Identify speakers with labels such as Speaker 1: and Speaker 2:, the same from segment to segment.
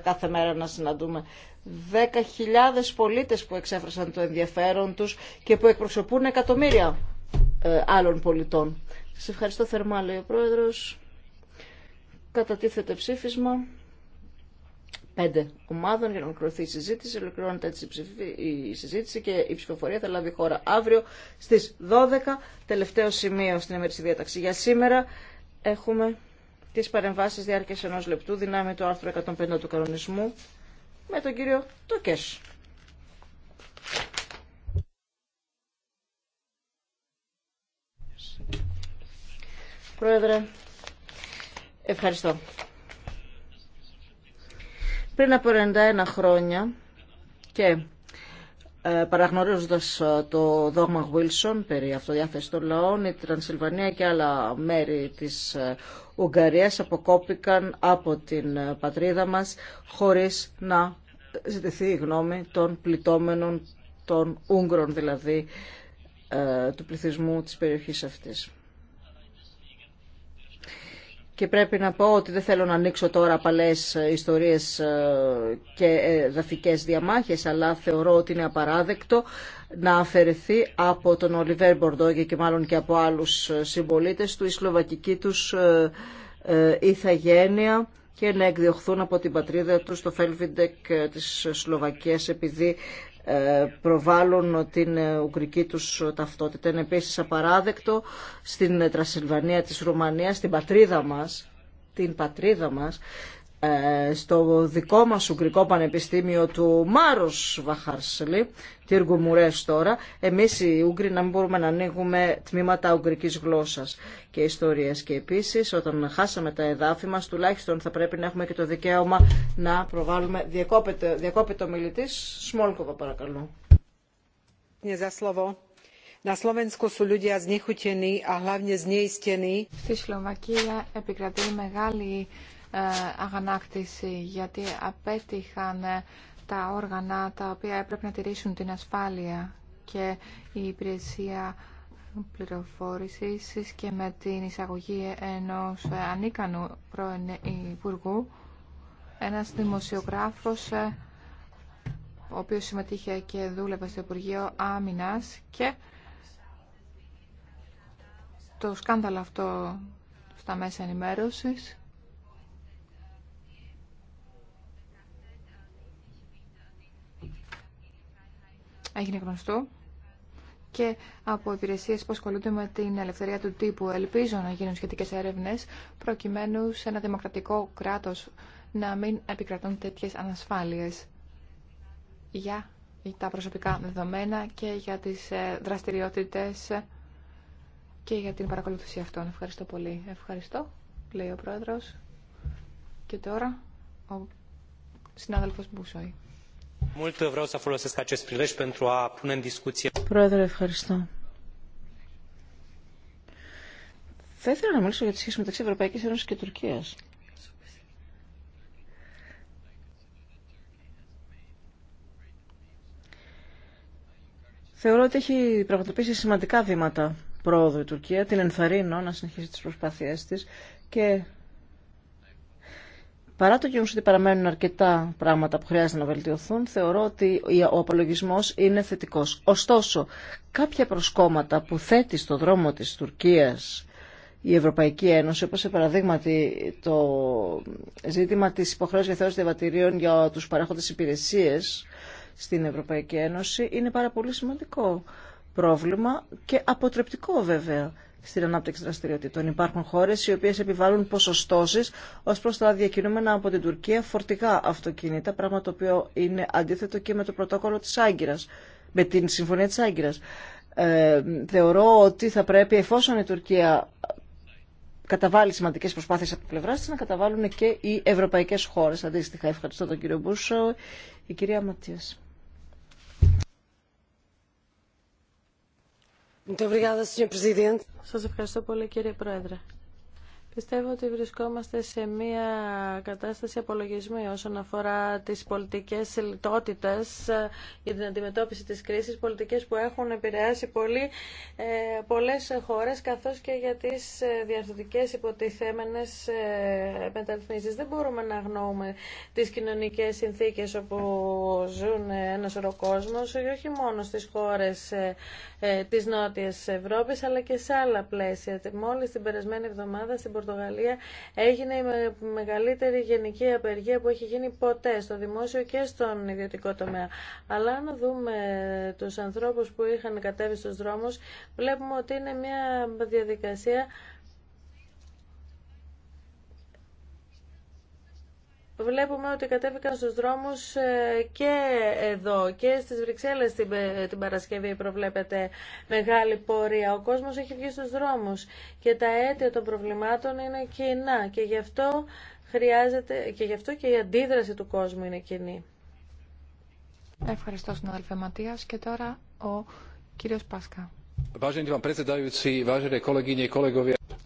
Speaker 1: κάθε μέρα να συναντούμε. 10.000 πολίτες που εξέφρασαν το ενδιαφέρον τους και που εκπροσωπούν εκατομμύρια ε, άλλων πολιτών. Σας ευχαριστώ θερμά, λέει ο Πρόεδρος. Κατατίθεται ψήφισμα πέντε ομάδων για να ολοκληρωθεί η συζήτηση. Ολοκληρώνεται έτσι η συζήτηση και η ψηφοφορία θα λάβει χώρα αύριο στις 12. Τελευταίο σημείο στην ημερήσια διάταξη για σήμερα έχουμε τις παρεμβάσεις διάρκειας ενός λεπτού δυνάμει το άρθρο 150 του κανονισμού με τον κύριο Τοκέ. Πρόεδρε, ευχαριστώ. Πριν από 91 χρόνια και ε, παραγνωρίζοντας ε, το δόγμα Wilson περί αυτοδιάθεση των λαών, η Τρανσιλβανία και άλλα μέρη της ε, Ουγγαρίας αποκόπηκαν από την πατρίδα μας χωρίς να ζητηθεί η γνώμη των πληττόμενων των Ούγγρων, δηλαδή του πληθυσμού της περιοχής αυτής και πρέπει να πω ότι δεν θέλω να ανοίξω τώρα παλές ιστορίες ε, και ε, δαφικές διαμάχες, αλλά θεωρώ ότι είναι απαράδεκτο να αφαιρεθεί από τον Ολιβέρ Μπορντόγια και μάλλον και από άλλους ε, συμπολίτε του η σλοβακική τους ηθαγένεια και να εκδιωχθούν από την πατρίδα τους στο Φέλβιντεκ της Σλοβακίας επειδή ε, προβάλλουν την ουκρική τους ταυτότητα. Είναι επίσης απαράδεκτο στην Τρασιλβανία της Ρουμανίας, στην πατρίδα μας, την πατρίδα μας, ε, στο δικό μας Ουγγρικό Πανεπιστήμιο του Μάρος Βαχάρσλη, Τύργου Μουρές τώρα, εμείς οι Ούγγροι να μην μπορούμε να ανοίγουμε τμήματα ουγγρικής γλώσσας και ιστορίας. Και επίσης όταν χάσαμε τα εδάφη μας, τουλάχιστον θα πρέπει να έχουμε και το δικαίωμα να προβάλλουμε διακόπητο, το μιλητής. Σμόλκοβα παρακαλώ. Na
Speaker 2: Στη Σλοβακία επικρατεί μεγάλη ε, αγανάκτηση γιατί απέτυχαν ε, τα όργανα τα οποία έπρεπε να τηρήσουν την ασφάλεια και η υπηρεσία πληροφόρησης και με την εισαγωγή ενός ε, ανίκανου πρώην υπουργού ένας δημοσιογράφος ο οποίος συμμετείχε και δούλευε στο Υπουργείο Άμυνας και το σκάνδαλο αυτό στα μέσα ενημέρωσης έγινε γνωστό και από υπηρεσίε που ασχολούνται με την ελευθερία του τύπου. Ελπίζω να γίνουν σχετικέ έρευνε προκειμένου σε ένα δημοκρατικό κράτο να μην επικρατούν τέτοιε ανασφάλειε για τα προσωπικά δεδομένα και για τι ε, δραστηριότητε και για την παρακολούθηση αυτών. Ευχαριστώ πολύ. Ευχαριστώ, λέει ο πρόεδρο. Και τώρα ο συνάδελφος Μπουσόη.
Speaker 1: Πρόεδρε, ευχαριστώ. Θα ήθελα να μιλήσω για τη σχέση μεταξύ Ευρωπαϊκής Ένωσης και Τουρκίας. Θεωρώ ότι έχει πραγματοποιήσει σημαντικά βήματα πρόοδου η Τουρκία. Την ενθαρρύνω να συνεχίσει τις προσπάθειές της και Παρά το γεγονό ότι παραμένουν αρκετά πράγματα που χρειάζεται να βελτιωθούν, θεωρώ ότι ο απολογισμό είναι θετικό. Ωστόσο, κάποια προσκόμματα που θέτει στο δρόμο τη Τουρκία η Ευρωπαϊκή Ένωση, όπω σε παραδείγματι το ζήτημα τη υποχρέωση για θεώρηση διαβατηρίων για του παρέχοντε υπηρεσίε στην Ευρωπαϊκή Ένωση, είναι πάρα πολύ σημαντικό πρόβλημα και αποτρεπτικό βέβαια στην ανάπτυξη δραστηριοτήτων. Υπάρχουν χώρε οι οποίε επιβάλλουν ποσοστώσει ω προ τα διακινούμενα από την Τουρκία φορτικά αυτοκίνητα, πράγμα το οποίο είναι αντίθετο και με το πρωτόκολλο τη Άγκυρα, με την Συμφωνία τη Άγκυρα. Ε, θεωρώ ότι θα πρέπει, εφόσον η Τουρκία καταβάλει σημαντικέ προσπάθειε από την πλευρά τη, να καταβάλουν και οι ευρωπαϊκέ χώρε. Αντίστοιχα, ευχαριστώ τον
Speaker 3: κύριο Μπούσο, η κυρία Ματίας. Σας ευχαριστώ πολύ κύριε Πρόεδρε. Πιστεύω ότι βρισκόμαστε σε μια κατάσταση απολογισμού όσον αφορά τις πολιτικές λιτότητες ε, για την αντιμετώπιση της κρίσης, πολιτικές που έχουν επηρεάσει πολύ ε, πολλές χώρες, καθώς και για τις ε, διαρθωτικές υποτιθέμενες μεταρρυθμίσεις. Δεν μπορούμε να αγνοούμε τις κοινωνικές συνθήκες όπου ζουν ένα σωρό κόσμος, όχι μόνο στις χώρες της Νότιας Ευρώπης, αλλά και σε άλλα πλαίσια. Μόλις την περασμένη εβδομάδα στην Πορτογαλία έγινε η μεγαλύτερη γενική απεργία που έχει γίνει ποτέ στο δημόσιο και στον ιδιωτικό τομέα. Αλλά αν δούμε τους ανθρώπους που είχαν κατέβει στους δρόμους, βλέπουμε ότι είναι μια διαδικασία Βλέπουμε ότι κατέβηκαν στους δρόμους ε, και εδώ και στις Βρυξέλλες ε, την Παρασκευή προβλέπεται μεγάλη πορεία. Ο κόσμος έχει βγει στους δρόμους και τα αίτια των προβλημάτων είναι κοινά και γι' αυτό, χρειάζεται, και, γι αυτό και η αντίδραση του κόσμου είναι κοινή.
Speaker 2: Ευχαριστώ συνάδελφε Ματίας και τώρα ο κύριος Πάσκα.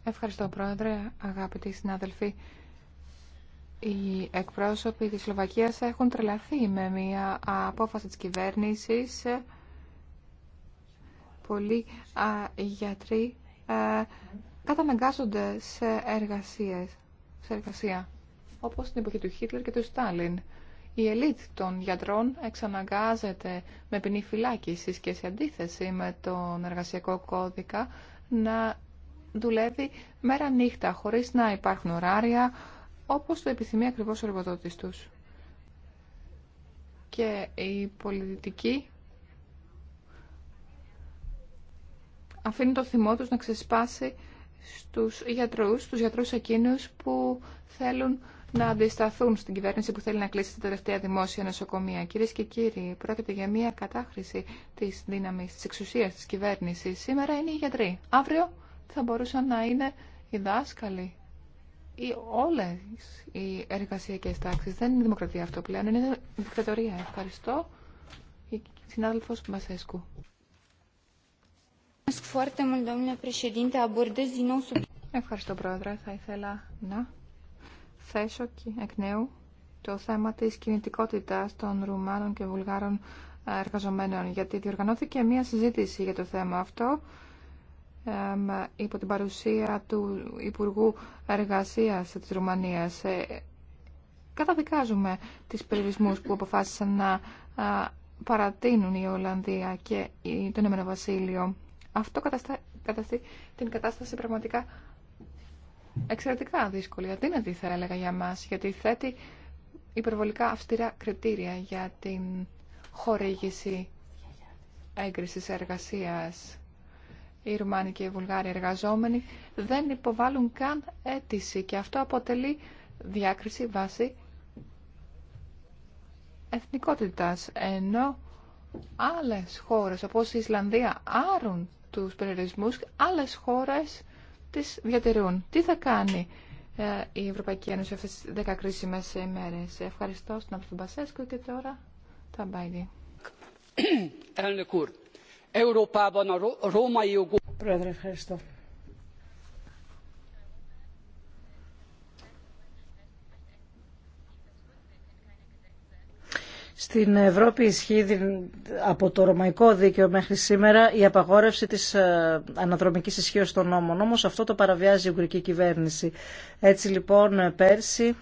Speaker 2: Ευχαριστώ πρόεδρε, αγαπητοί συνάδελφοι οι εκπρόσωποι της Σλοβακίας έχουν τρελαθεί με μια απόφαση της κυβέρνησης. Πολλοί γιατροί ε, καταναγκάζονται σε, εργασίες, σε εργασία, όπως στην εποχή του Χίτλερ και του Στάλιν. Η ελίτ των γιατρών εξαναγκάζεται με ποινή φυλάκιση και σε αντίθεση με τον εργασιακό κώδικα να δουλεύει μέρα νύχτα χωρίς να υπάρχουν ωράρια, όπως το επιθυμεί ακριβώς ο εργοδότης τους. Και η πολιτική αφήνει το θυμό τους να ξεσπάσει στους γιατρούς, στους γιατρούς εκείνους που θέλουν να αντισταθούν στην κυβέρνηση που θέλει να κλείσει τα τελευταία δημόσια νοσοκομεία. Κυρίε και κύριοι, πρόκειται για μια κατάχρηση τη δύναμη, τη εξουσία τη κυβέρνηση. Σήμερα είναι οι γιατροί. Αύριο θα μπορούσαν να είναι οι δάσκαλοι, οι, όλες οι εργασιακές τάξεις. Δεν είναι δημοκρατία αυτό πλέον, είναι δικτατορία. Ευχαριστώ. Η συνάδελφος Μπασέσκου. Ευχαριστώ, Πρόεδρε. Θα ήθελα να θέσω και εκ νέου το θέμα της κινητικότητας των Ρουμάνων και Βουλγάρων ε, εργαζομένων, γιατί διοργανώθηκε μία συζήτηση για το θέμα αυτό υπό την παρουσία του Υπουργού Εργασίας της Ρουμανίας. Ε, καταδικάζουμε τις περιορισμούς που αποφάσισαν να παρατείνουν η Ολλανδία και το Ηνωμένο Βασίλειο. Αυτό καταστεί την κατάσταση πραγματικά εξαιρετικά δύσκολη. Αδύνατη θα έλεγα για μας, γιατί θέτει υπερβολικά αυστηρά κριτήρια για την χορήγηση έγκρισης εργασίας οι Ρουμάνοι και οι Βουλγάροι εργαζόμενοι δεν υποβάλλουν καν αίτηση και αυτό αποτελεί διάκριση βάση εθνικότητας ενώ άλλες χώρες όπως η Ισλανδία άρουν τους περιορισμούς άλλες χώρες τις διατηρούν. Τι θα κάνει ε, η Ευρωπαϊκή Ένωση αυτές τις 10 κρίσιμες ημέρες. Ευχαριστώ στον Αμπτουμπασέσκο και τώρα τα Μπάιντι.
Speaker 1: Στην Ευρώπη ισχύει από το ρωμαϊκό δίκαιο μέχρι σήμερα η απαγόρευση της ε, αναδρομικής ισχύω των νόμων. Όμως αυτό το παραβιάζει η Ουγγρική κυβέρνηση. Έτσι λοιπόν ε, πέρσι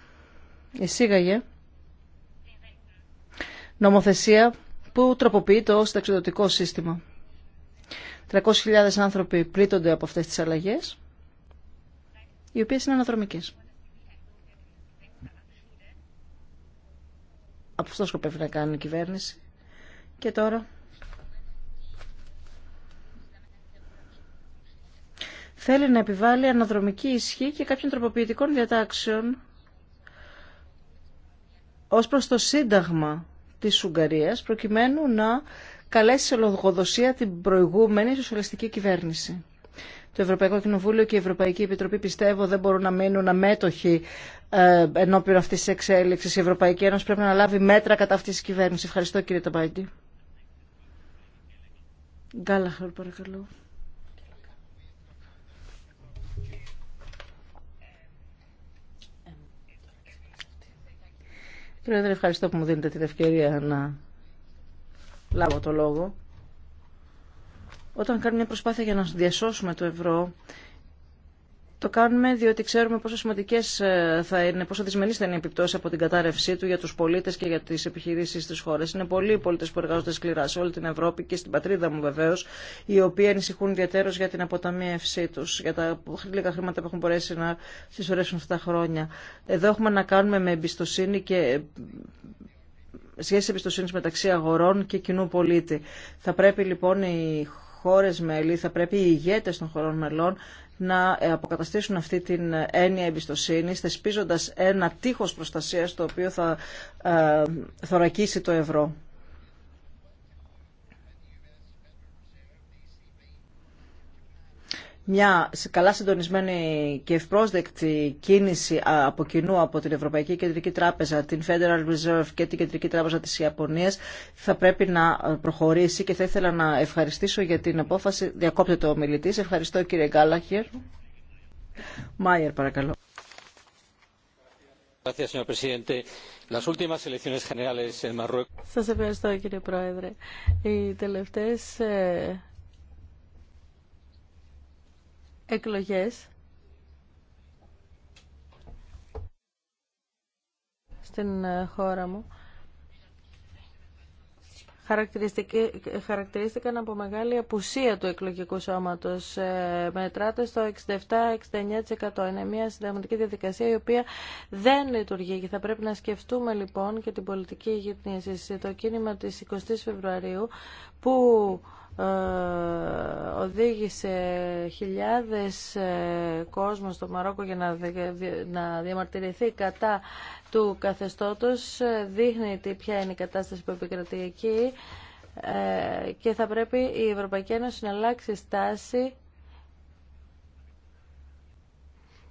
Speaker 1: εισήγαγε νομοθεσία που τροποποιεί το ταξιδιωτικό σύστημα. 300.000 άνθρωποι πλήττονται από αυτές τις αλλαγές, οι οποίες είναι αναδρομικές. Από αυτό σκοπεύει να κάνει η κυβέρνηση. Και τώρα... Θέλει να επιβάλλει αναδρομική ισχύ και κάποιων τροποποιητικών διατάξεων ως προς το Σύνταγμα της Ουγγαρίας προκειμένου να καλέσει σε λογοδοσία την προηγούμενη σοσιαλιστική κυβέρνηση. Το Ευρωπαϊκό Κοινοβούλιο και η Ευρωπαϊκή Επιτροπή πιστεύω δεν μπορούν να μείνουν αμέτωχοι ε, ενώπιον αυτή τη εξέλιξη. Η Ευρωπαϊκή Ένωση πρέπει να λάβει μέτρα κατά αυτή τη κυβέρνηση. Ευχαριστώ κύριε Ταμπάιντι. Γκάλαχαρ, παρακαλώ. Πρόεδρε, ευχαριστώ που μου δίνετε την ευκαιρία να λάβω το λόγο. Όταν κάνουμε μια προσπάθεια για να διασώσουμε το ευρώ, το κάνουμε διότι ξέρουμε πόσο σημαντικέ ε, θα είναι, πόσο δυσμενεί θα είναι οι επιπτώσει από την κατάρρευσή του για του πολίτε και για τι επιχειρήσει τη χώρα. Είναι πολλοί οι πολίτε που εργάζονται σκληρά σε όλη την Ευρώπη και στην πατρίδα μου βεβαίω, οι οποίοι ανησυχούν ιδιαίτερω για την αποταμίευσή του, για τα λίγα χρήματα που έχουν μπορέσει να συσσωρεύσουν αυτά τα χρόνια. Εδώ έχουμε να κάνουμε με εμπιστοσύνη και σχέση εμπιστοσύνη μεταξύ αγορών και κοινού πολίτη. Θα πρέπει λοιπόν οι χώρε μέλη, θα πρέπει οι ηγέτε των χωρών μελών να αποκαταστήσουν αυτή την έννοια εμπιστοσύνη θεσπίζοντα ένα τείχο προστασία το οποίο θα ε, θωρακίσει το ευρώ. μια καλά συντονισμένη και ευπρόσδεκτη κίνηση από κοινού από την Ευρωπαϊκή Κεντρική Τράπεζα, την Federal Reserve και την Κεντρική Τράπεζα της Ιαπωνίας θα πρέπει να ε, προχωρήσει και θα ήθελα να ευχαριστήσω για την απόφαση. Διακόπτεται ο μιλητής. Ευχαριστώ κύριε Γκάλαχερ. Μάιερ
Speaker 3: παρακαλώ. Σας ευχαριστώ κύριε Πρόεδρε. Ε, εκλογές στην ε, χώρα μου χαρακτηρίστηκαν από μεγάλη απουσία του εκλογικού σώματος. Ε, μετράται στο 67-69%. Είναι μια συνταγματική διαδικασία η οποία δεν λειτουργεί και θα πρέπει να σκεφτούμε λοιπόν και την πολιτική γυτνίαση. Το κίνημα της 20 Φεβρουαρίου που ε, οδήγησε χιλιάδες ε, κόσμο στο Μαρόκο για να διαμαρτυρηθεί κατά του καθεστώτος ε, δείχνει ποια είναι η κατάσταση που επικρατεί εκεί και θα πρέπει η Ευρωπαϊκή Ένωση να αλλάξει στάση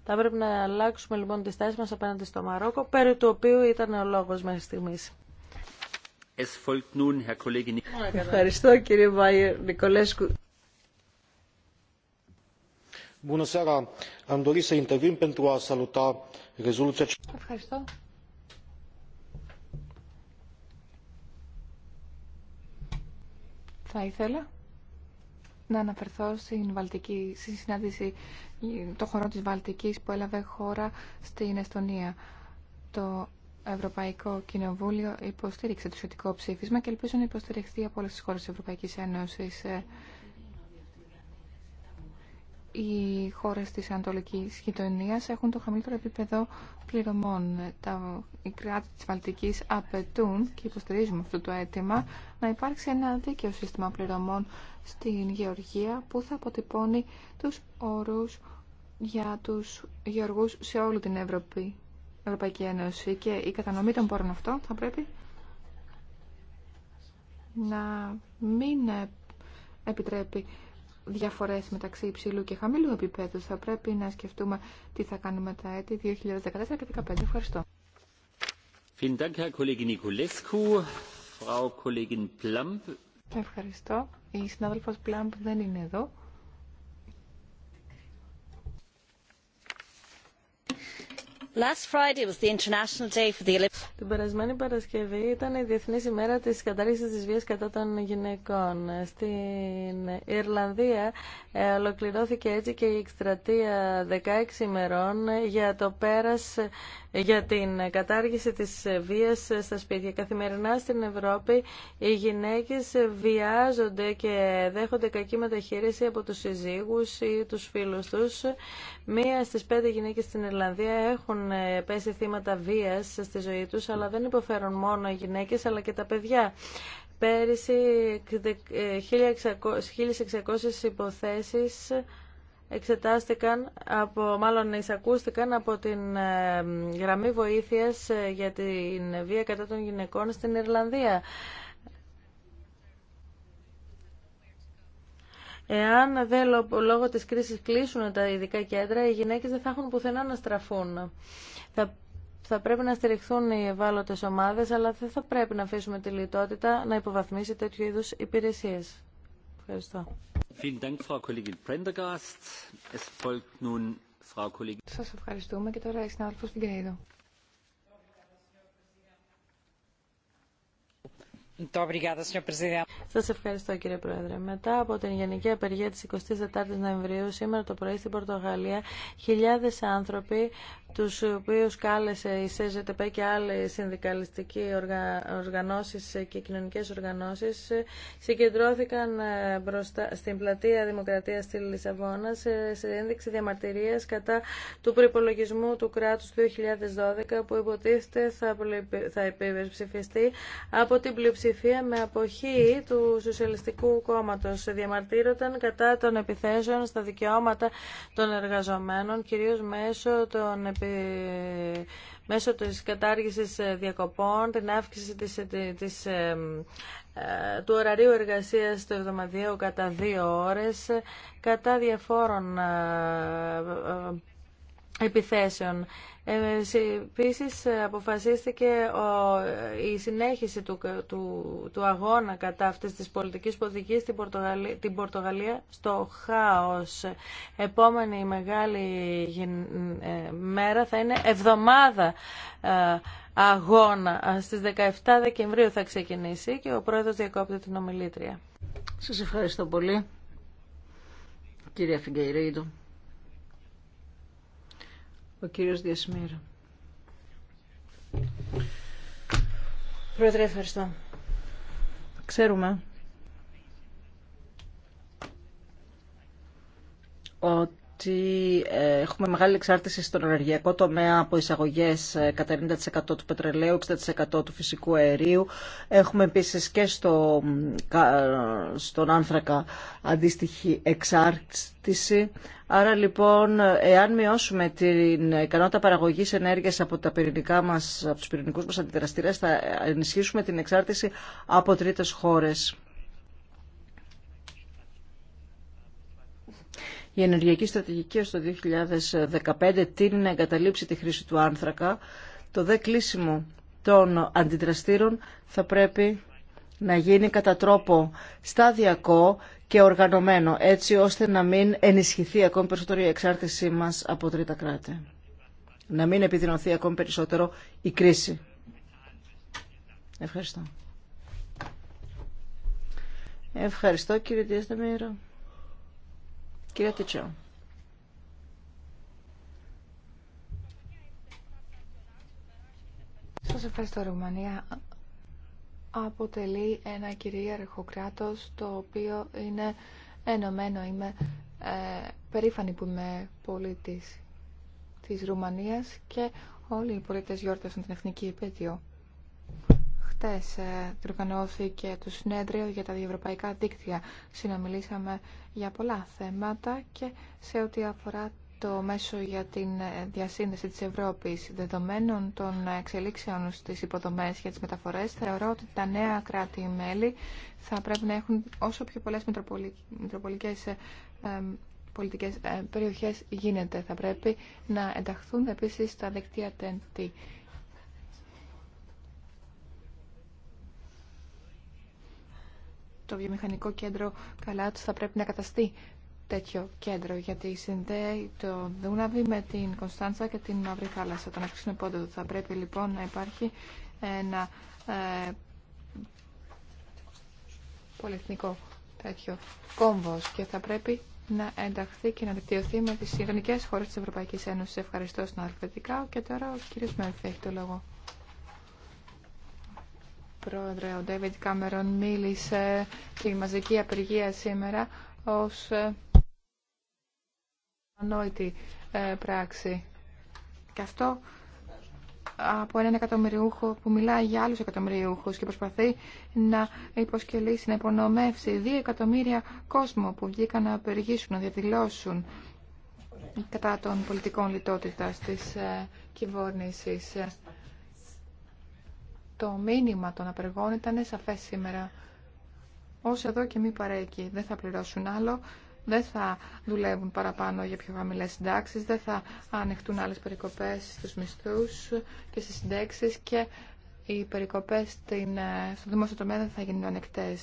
Speaker 3: θα πρέπει να αλλάξουμε λοιπόν τη στάση μας απέναντι στο Μαρόκο περί του οποίου ήταν ο λόγος μέχρι στιγμής Ευχαριστώ κύριε Μάιερ Νικολέσκου.
Speaker 1: Bună seara! Am dorit să intervin
Speaker 2: pentru a saluta rezoluția... Ευχαριστώ. Θα ήθελα να αναφερθώ στην Βαλτική, στη συνάντηση των χωρών της Βαλτικής που έλαβε χώρα στην Εστονία. Το Ευρωπαϊκό Κοινοβούλιο υποστήριξε το σχετικό ψήφισμα και ελπίζω να υποστηριχθεί από όλες τις χώρες της Ευρωπαϊκής Ένωσης. Ε, οι χώρες της Ανατολικής Γειτονίας έχουν το χαμηλότερο επίπεδο πληρωμών. Τα, οι κράτη της Βαλτικής απαιτούν και υποστηρίζουμε αυτό το αίτημα να υπάρξει ένα δίκαιο σύστημα πληρωμών στην Γεωργία που θα αποτυπώνει τους όρους για τους γεωργούς σε όλη την Ευρώπη Ευρωπαϊκή Ένωση και η κατανομή των πόρων αυτών θα πρέπει να μην επιτρέπει διαφορές μεταξύ υψηλού και χαμηλού επίπεδου. Θα πρέπει να σκεφτούμε τι θα κάνουμε τα έτη 2014 και 2015. Ευχαριστώ. Ευχαριστώ. Η συνάδελφος
Speaker 3: Πλάμπ δεν είναι εδώ. Last Την περασμένη Παρασκευή ήταν η διεθνή ημέρα της κατάργησης της βίας κατά των γυναικών. Στην Ιρλανδία ε, ολοκληρώθηκε έτσι και η εκστρατεία 16 ημερών για το πέρας για την κατάργηση της βίας στα σπίτια. Καθημερινά στην Ευρώπη οι γυναίκες βιάζονται και δέχονται κακή μεταχείριση από τους συζύγους ή τους φίλους τους. Μία στις πέντε γυναίκες στην Ιρλανδία έχουν πέσει θύματα βίας στη ζωή τους, αλλά δεν υποφέρουν μόνο οι γυναίκες αλλά και τα παιδιά. Πέρυσι 1.600 ε, υποθέσεις εξετάστηκαν, από, μάλλον εισακούστηκαν από την ε, γραμμή βοήθειας ε, για την βία κατά των γυναικών στην Ιρλανδία. Εάν δε, λόγω της κρίσης κλείσουν τα ειδικά κέντρα, οι γυναίκες δεν θα έχουν πουθενά να στραφούν. Θα, θα πρέπει να στηριχθούν οι ευάλωτες ομάδες, αλλά δεν θα πρέπει να αφήσουμε τη λιτότητα να υποβαθμίσει τέτοιου είδους υπηρεσίες. Σα ευχαριστούμε και τώρα η συνάδελφος Φιγκρέιδο. Σα ευχαριστώ κύριε Πρόεδρε. Μετά από την γενική απεργία τη 24η Νοεμβρίου, σήμερα το πρωί στην Πορτογαλία, χιλιάδε άνθρωποι τους οποίους κάλεσε η ΣΕΖΕΤΕΠΕ και άλλες συνδικαλιστικοί οργανώσεις και κοινωνικές οργανώσεις συγκεντρώθηκαν ε, στην πλατεία Δημοκρατίας στη Λισαβόνα ε, σε ένδειξη διαμαρτυρίας κατά του προπολογισμού του κράτους του 2012 που υποτίθεται θα, θα από την πλειοψηφία με αποχή του Σοσιαλιστικού Κόμματος. Διαμαρτύρονταν κατά των επιθέσεων στα δικαιώματα των εργαζομένων, μέσω των ε, μέσω της κατάργησης ε, διακοπών, την αύξηση της, ε, του ωραρίου εργασίας το εβδομαδιαίο κατά δύο ώρες, κατά διαφόρων επιθέσεων. Ε, επίσης αποφασίστηκε η συνέχιση του, του, του αγώνα κατά αυτή τη πολιτική που οδηγεί στην Πορτογαλία, την Πορτογαλία στο χάος. Επόμενη μεγάλη ε, μέρα θα είναι εβδομάδα ε, αγώνα. Στις 17 Δεκεμβρίου θα ξεκινήσει και ο πρόεδρος διακόπτει την ομιλήτρια. Σας ευχαριστώ πολύ. Κυρία Φιγκεϊρίδου.
Speaker 1: Ο κύριος Διασμήρα. Πρόεδρε, ευχαριστώ. Ξέρουμε ότι ότι ε, έχουμε μεγάλη εξάρτηση στον ενεργειακό τομέα από εισαγωγέ ε, κατά 90% του πετρελαίου, 60% του φυσικού αερίου. Έχουμε επίσης και στο, στον άνθρακα αντίστοιχη εξάρτηση. Άρα λοιπόν, εάν μειώσουμε την ικανότητα παραγωγής ενέργειας από, τα πυρηνικά μας, από τους πυρηνικούς μας αντιδραστήρες, θα ενισχύσουμε την εξάρτηση από τρίτε χώρε. η ενεργειακή στρατηγική έως το 2015 τίνει να εγκαταλείψει τη χρήση του άνθρακα. Το δε κλείσιμο των αντιδραστήρων θα πρέπει να γίνει κατά τρόπο σταδιακό και οργανωμένο, έτσι ώστε να μην ενισχυθεί ακόμη περισσότερο η εξάρτησή μας από τρίτα κράτη. Να μην επιδεινωθεί ακόμη περισσότερο η κρίση. Ευχαριστώ. Ευχαριστώ κύριε Διαστημίρο. Κυρία Τιτσέο.
Speaker 2: Σας ευχαριστώ, Ρουμανία. Αποτελεί ένα κυρίαρχο κράτος, το οποίο είναι ενωμένο. Είμαι ε, περήφανη που είμαι πολίτης της Ρουμανίας και όλοι οι πολίτες γιόρτασαν την Εθνική Επέτειο χτες ε, διοργανώθηκε το συνέδριο για τα διευρωπαϊκά δίκτυα. Συναμιλήσαμε για πολλά θέματα και σε ό,τι αφορά το μέσο για την ε, διασύνδεση της Ευρώπης δεδομένων των εξελίξεων στις υποδομές για τις μεταφορές θεωρώ ότι τα νέα κράτη-μέλη θα πρέπει να έχουν όσο πιο πολλές μετροπολικές ε, πολιτικές περιοχές γίνεται. Θα πρέπει να ενταχθούν επίσης στα δεκτία τέντη. το βιομηχανικό κέντρο Καλάτς θα πρέπει να καταστεί τέτοιο κέντρο, γιατί συνδέει το Δούναβι με την Κωνσταντσα και την Μαύρη Θάλασσα, τον πόντο Θα πρέπει λοιπόν να υπάρχει ένα ε, πολυεθνικό τέτοιο κόμβος και θα πρέπει να ενταχθεί και να δικτυωθεί με τις ειρηνικές χώρες της Ευρωπαϊκής Ένωσης. Ευχαριστώ στην Αλφατικά και τώρα ο κύριος Μέρφη έχει το λόγο. Πρόεδρε, ο Ντέβιτ Κάμερον μίλησε τη μαζική απεργία σήμερα ως ε, ανόητη ε, πράξη. Και αυτό από έναν εκατομμυριούχο που μιλάει για άλλους εκατομμυριούχους και προσπαθεί να υποσκελίσει, να υπονομεύσει δύο εκατομμύρια κόσμο που βγήκαν να απεργήσουν, να διαδηλώσουν κατά των πολιτικών λιτότητας της ε, κυβόρνησης. Το μήνυμα των απεργών ήταν σαφές σήμερα. Όσοι εδώ και μη παρέκει. Δεν θα πληρώσουν άλλο, δεν θα δουλεύουν παραπάνω για πιο χαμηλέ συντάξει, δεν θα ανοιχτούν άλλες περικοπές στους μισθούς και στι συντέξει και οι περικοπές ε, στο δημόσιο τομέα δεν θα γίνουν ανεκτέ.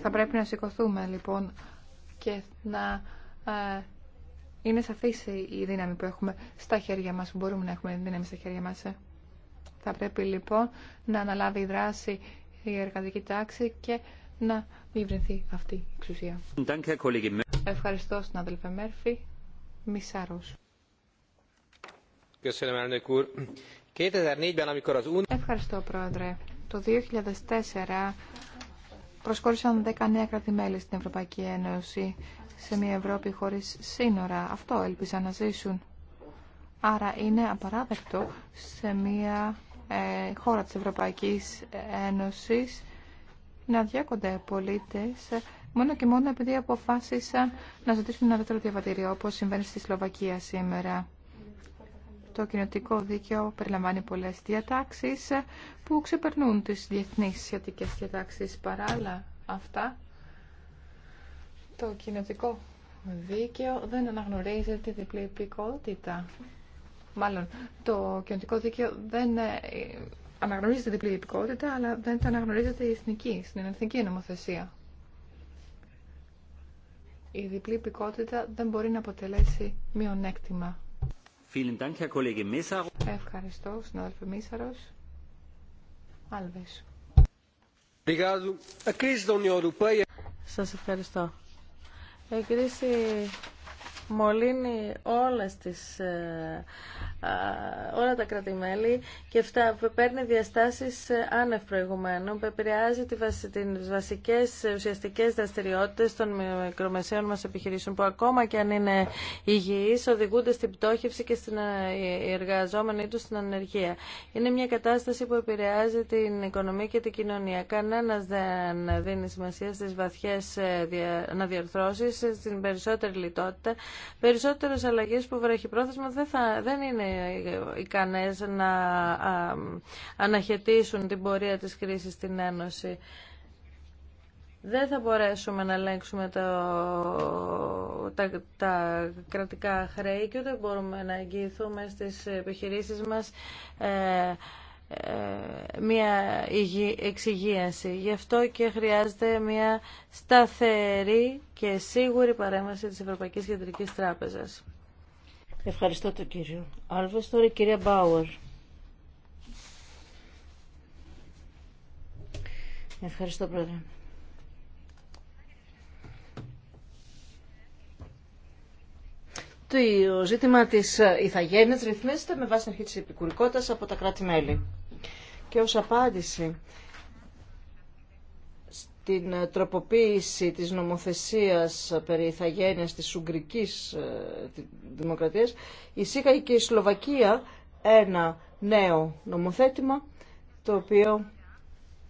Speaker 2: Θα πρέπει να σηκωθούμε λοιπόν και να ε, είναι σαφή η δύναμη που έχουμε στα χέρια μας, που μπορούμε να έχουμε δύναμη στα χέρια μας. Ε. Θα πρέπει λοιπόν να αναλάβει δράση η εργατική τάξη και να βρεθεί αυτή η εξουσία. Ευχαριστώ συνάδελφε αδελφέ Μέρφη. Μισάρος. Ευχαριστώ, Πρόεδρε. Το 2004 Προσχώρησαν 10 νέα στην Ευρωπαϊκή Ένωση, σε μια Ευρώπη χωρίς σύνορα. Αυτό έλπιζαν να ζήσουν. Άρα είναι απαράδεκτο σε μια ε, χώρα της Ευρωπαϊκής Ένωσης να διέκονται πολίτες μόνο και μόνο επειδή αποφάσισαν να ζητήσουν ένα δεύτερο διαβατήριο, όπως συμβαίνει στη Σλοβακία σήμερα το κοινοτικό δίκαιο περιλαμβάνει πολλές διατάξεις που ξεπερνούν τις διεθνείς σχετικές διατάξεις. Παράλληλα αυτά, το κοινοτικό δίκαιο δεν αναγνωρίζει τη διπλή υπηκότητα. Μάλλον, το κοινοτικό δίκαιο δεν ε, αναγνωρίζει τη διπλή αλλά δεν το αναγνωρίζεται η εθνική, στην εθνική νομοθεσία. Η διπλή υπηκότητα δεν μπορεί να αποτελέσει μειονέκτημα
Speaker 3: Ευχαριστώ,
Speaker 2: συνάδελφε Μίσαρο, Άλβες.
Speaker 3: Σας ευχαριστώ. Η κρίση μολύνει όλες τις, ε, όλα τα κρατημέλη και αυτά παίρνει διαστάσεις ε, άνευ προηγουμένου που επηρεάζει τις βασικές ε, ουσιαστικές δραστηριότητες των μικρομεσαίων μας επιχειρήσεων που ακόμα και αν είναι υγιείς οδηγούνται στην πτώχευση και στην εργαζόμενη τους στην ανεργία. Είναι μια κατάσταση που επηρεάζει την οικονομία και την κοινωνία. Κανένας δεν δίνει σημασία στις βαθιές αναδιαρθρώσεις, στην περισσότερη λιτότητα περισσότερες αλλαγές που βραχυπρόθεσμα δεν, θα, δεν είναι ικανές να αναχαιτήσουν την πορεία της κρίσης στην Ένωση. Δεν θα μπορέσουμε να ελέγξουμε τα, τα κρατικά χρέη και ούτε μπορούμε να εγγυηθούμε στις επιχειρήσεις μας ε, ε, μια εξυγίαση. Γι' αυτό και χρειάζεται μια σταθερή και σίγουρη παρέμβαση της Ευρωπαϊκής Κεντρικής Τράπεζας. Ευχαριστώ τον κύριο. Άλβες τώρα η κυρία Μπάουερ.
Speaker 1: Ευχαριστώ πρόεδρε. το ζήτημα της ε, ηθαγένειας ρυθμίζεται με βάση την αρχή τη επικούρικότητα από τα κράτη-μέλη. Και ως απάντηση στην ε, τροποποίηση της νομοθεσίας ε, περί ηθαγένειας της Ουγγρικής Δημοκρατίας εισήγαγε και η Σλοβακία ένα νέο νομοθέτημα το οποίο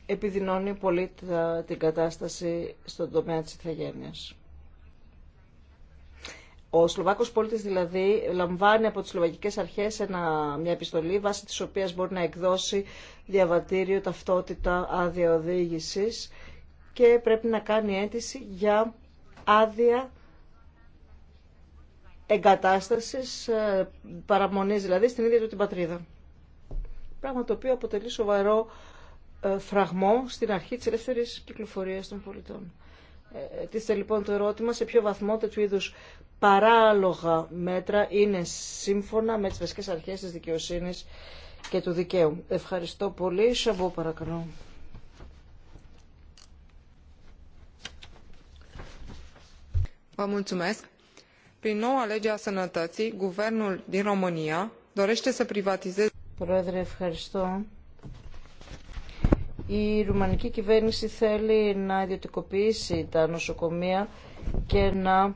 Speaker 1: επιδεινώνει πολύ την κατάσταση στον τομέα της ηθαγένειας. Ο Σλοβάκος πολίτης δηλαδή λαμβάνει από τις Σλοβακικές αρχές μια επιστολή βάσει της οποίας μπορεί να εκδώσει διαβατήριο, ταυτότητα, άδεια οδήγηση και πρέπει να κάνει αίτηση για άδεια εγκατάστασης ε, παραμονής δηλαδή στην ίδια του την πατρίδα. Πράγμα το οποίο αποτελεί σοβαρό ε, φραγμό στην αρχή της ελεύθερης κυκλοφορίας των πολιτών. Ε, ε τίθεται λοιπόν το ερώτημα σε ποιο βαθμό τέτοιου είδου παράλογα μέτρα είναι σύμφωνα με τις βασικές αρχές της δικαιοσύνης και του δικαίου. Ευχαριστώ πολύ. Σαββό παρακαλώ. Vă mulțumesc. Prin noua lege a sănătății, guvernul din România dorește Πρόεδρε, ευχαριστώ. Η ρουμανική κυβέρνηση θέλει να ιδιωτικοποιήσει τα νοσοκομεία και να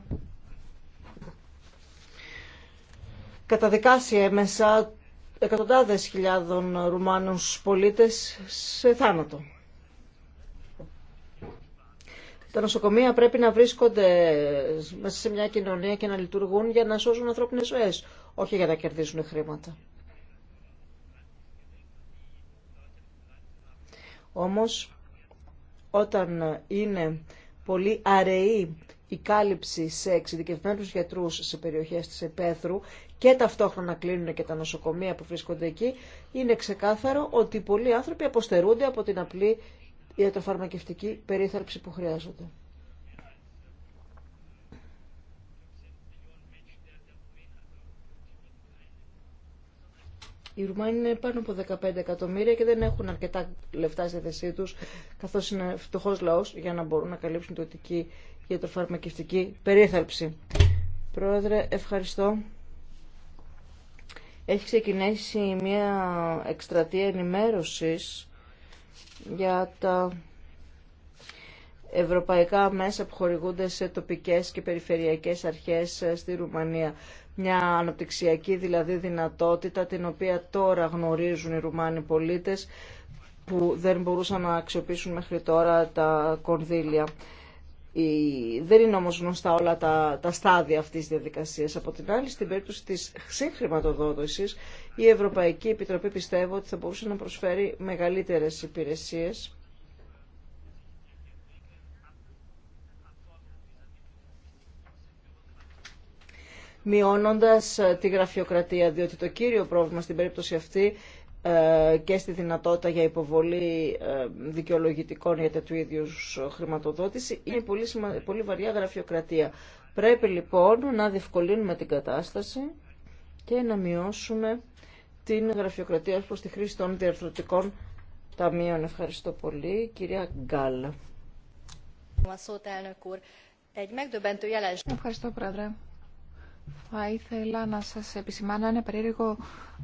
Speaker 1: καταδικάσει έμεσα εκατοντάδες χιλιάδων Ρουμάνους πολίτες σε θάνατο. Τα νοσοκομεία πρέπει να βρίσκονται μέσα σε μια κοινωνία και να λειτουργούν για να σώζουν ανθρώπινες ζωές, όχι για να κερδίσουν χρήματα. Όμως, όταν είναι πολύ αραιή η κάλυψη σε εξειδικευμένους γιατρούς σε περιοχές της Επέθρου και ταυτόχρονα κλείνουν και τα νοσοκομεία που βρίσκονται εκεί, είναι ξεκάθαρο ότι πολλοί άνθρωποι αποστερούνται από την απλή ιατροφαρμακευτική περίθαλψη που χρειάζονται. Οι Ρουμάνοι είναι πάνω από 15 εκατομμύρια και δεν έχουν αρκετά λεφτά στη θέσή του, καθώ είναι φτωχό λαό, για να μπορούν να καλύψουν τοτική ιατροφαρμακευτική περίθαλψη. Πρόεδρε, ευχαριστώ έχει ξεκινήσει μια εκστρατεία ενημέρωσης για τα ευρωπαϊκά μέσα που χορηγούνται σε τοπικές και περιφερειακές αρχές ε, στη Ρουμανία. Μια αναπτυξιακή δηλαδή δυνατότητα την οποία τώρα γνωρίζουν οι Ρουμάνοι πολίτες που δεν μπορούσαν να αξιοποιήσουν μέχρι τώρα τα κονδύλια. Δεν είναι όμως γνωστά όλα τα, τα στάδια αυτής της διαδικασίας. Από την άλλη, στην περίπτωση της συγχρηματοδότησης, η Ευρωπαϊκή Επιτροπή πιστεύω ότι θα μπορούσε να προσφέρει μεγαλύτερες υπηρεσίες. μειώνοντας ε, τη γραφειοκρατία, διότι το κύριο πρόβλημα στην περίπτωση αυτή ε, και στη δυνατότητα για υποβολή ε, δικαιολογητικών για τέτοιου είδου χρηματοδότηση είναι πολύ, πολύ βαριά γραφειοκρατία. Πρέπει λοιπόν να διευκολύνουμε την κατάσταση και να μειώσουμε την γραφειοκρατία προς τη χρήση των διαρθρωτικών ταμείων. Ευχαριστώ πολύ. Κυρία Γκάλα.
Speaker 2: Ευχαριστώ, Πρόεδρε. Θα ήθελα να σας επισημάνω ένα περίεργο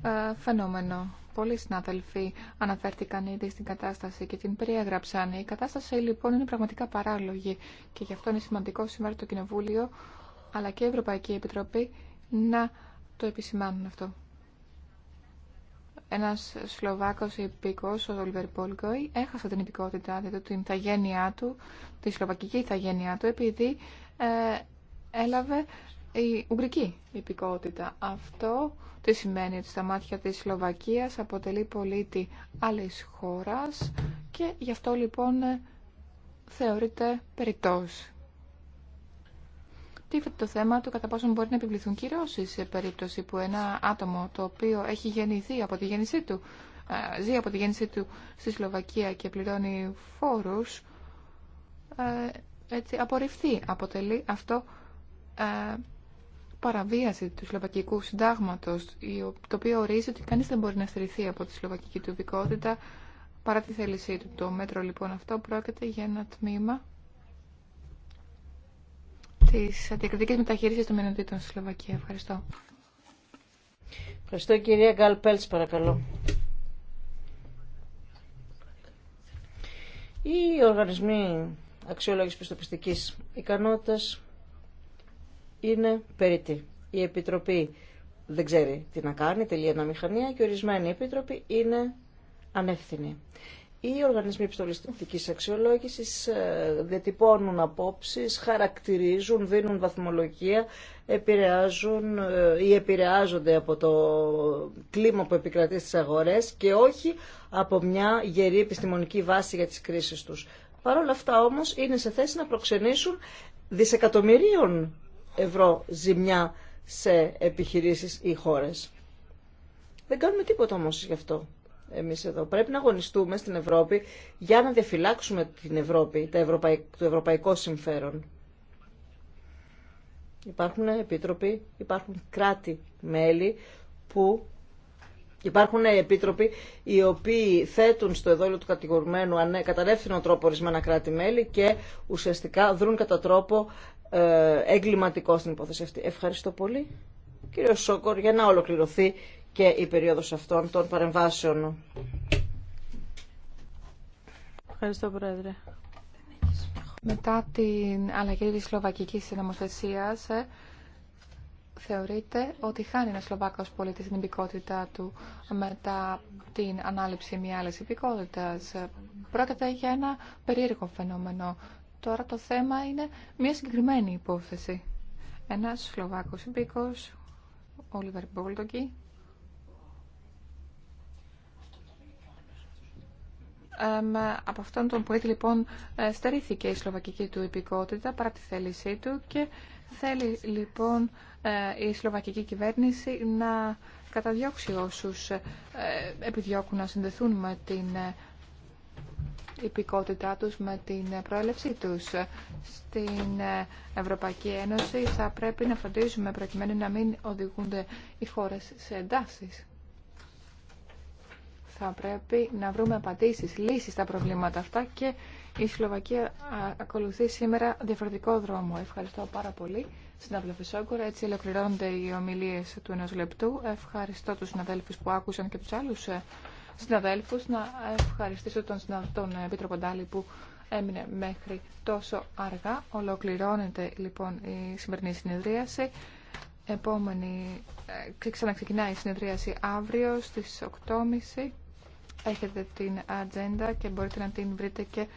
Speaker 2: ε, φαινόμενο πολλοί συναδελφοί αναφέρθηκαν ήδη στην κατάσταση και την περιέγραψαν. Η κατάσταση λοιπόν είναι πραγματικά παράλογη και γι' αυτό είναι σημαντικό σήμερα το Κοινοβούλιο αλλά και η Ευρωπαϊκή Επιτροπή να το επισημάνουν αυτό. Ένα Σλοβάκο υπηκό, ο Όλιβερ Πόλκοϊ, έχασε την υπηκότητα, δηλαδή την ηθαγένειά του, τη σλοβακική ηθαγένειά του, επειδή ε, έλαβε η ουγγρική υπηκότητα. Αυτό τι σημαίνει ότι στα μάτια της Σλοβακίας αποτελεί πολίτη άλλης χώρας και γι' αυτό λοιπόν θεωρείται περιττός. Τίθεται το θέμα του κατά πόσο μπορεί να επιβληθούν κυρώσει σε περίπτωση που ένα άτομο το οποίο έχει γεννηθεί από τη γέννησή του, ε, ζει από τη γέννησή του στη Σλοβακία και πληρώνει φόρους, ε, έτσι απορριφθεί. Αποτελεί αυτό ε, παραβίαση του Σλοβακικού Συντάγματο, το οποίο ορίζει ότι κανείς δεν μπορεί να στηριχθεί από τη Σλοβακική του δικότητα παρά τη θέλησή του. Το μέτρο λοιπόν αυτό πρόκειται για ένα τμήμα τη αντικριτική μεταχείριση των μειονοτήτων στη Σλοβακία. Ευχαριστώ.
Speaker 1: Ευχαριστώ κυρία Πέλτ, παρακαλώ. Οι οργανισμοί αξιολόγηση πιστοπιστικής ικανότητας είναι περίτη. Η Επιτροπή δεν ξέρει τι να κάνει, τελεί ένα μηχανία και ορισμένοι επίτροποι είναι ανεύθυνοι. Οι οργανισμοί επιστολιστικής αξιολόγησης ε, διατυπώνουν απόψεις, χαρακτηρίζουν, δίνουν βαθμολογία, επηρεάζουν ε, ή επηρεάζονται από το κλίμα που επικρατεί στις αγορές και όχι από μια γερή επιστημονική βάση για τις κρίσεις τους. Παρ' όλα αυτά όμως είναι σε θέση να προξενήσουν δισεκατομμυρίων ευρώ ζημιά σε επιχειρήσεις ή χώρες. Δεν κάνουμε τίποτα όμως γι' αυτό εμείς εδώ. Πρέπει να αγωνιστούμε στην Ευρώπη για να διαφυλάξουμε την Ευρώπη, τα το ευρωπαϊκό συμφέρον. Υπάρχουν επίτροποι, υπάρχουν κράτη-μέλη που Υπάρχουν επίτροποι οι οποίοι θέτουν στο εδόλιο του κατηγορουμένου ελεύθερο τρόπο ορισμένα κράτη-μέλη και ουσιαστικά δρούν κατά τρόπο ε, εγκληματικό στην υπόθεση αυτή. Ευχαριστώ πολύ. Κύριο Σόκορ, για να ολοκληρωθεί και η περίοδος αυτών των παρεμβάσεων.
Speaker 3: Ευχαριστώ, Πρόεδρε.
Speaker 2: Μετά την αλλαγή της Σλοβακικής νομοθεσίας, ε, θεωρείται ότι χάνει ένα Σλοβάκος πολίτη την υπηκότητά του μετά την ανάληψη μια άλλη υπηκότητας. Πρόκειται για ένα περίεργο φαινόμενο Τώρα το θέμα είναι μια συγκεκριμένη υπόθεση. Ένας Σλοβάκος υπήκος, Όλιβερ Μπόλτοκι, από αυτόν τον πολίτη λοιπόν ε, στερήθηκε η σλοβακική του υπηκότητα παρά τη θέλησή του και θέλει λοιπόν ε, η σλοβακική κυβέρνηση να καταδιώξει όσους ε, επιδιώκουν να συνδεθούν με την η υπηκότητά τους με την προέλευσή τους. Στην Ευρωπαϊκή Ένωση θα πρέπει να φροντίζουμε προκειμένου να μην οδηγούνται οι χώρες σε εντάσεις. Θα πρέπει να βρούμε απαντήσεις, λύσεις στα προβλήματα αυτά και η Σλοβακία ακολουθεί σήμερα διαφορετικό δρόμο. Ευχαριστώ πάρα πολύ. Συνάδελφε Σόγκορα, έτσι ολοκληρώνονται οι ομιλίε του ενό λεπτού. Ευχαριστώ του συναδέλφου που άκουσαν και του άλλου ε, συναδέλφους, να ευχαριστήσω τον, τον Επίτροπο που έμεινε μέχρι τόσο αργά. Ολοκληρώνεται λοιπόν η σημερινή συνεδρίαση. Επόμενη, ε, ξαναξεκινάει η συνεδρίαση αύριο στις 8.30. Έχετε την ατζέντα και μπορείτε να την βρείτε και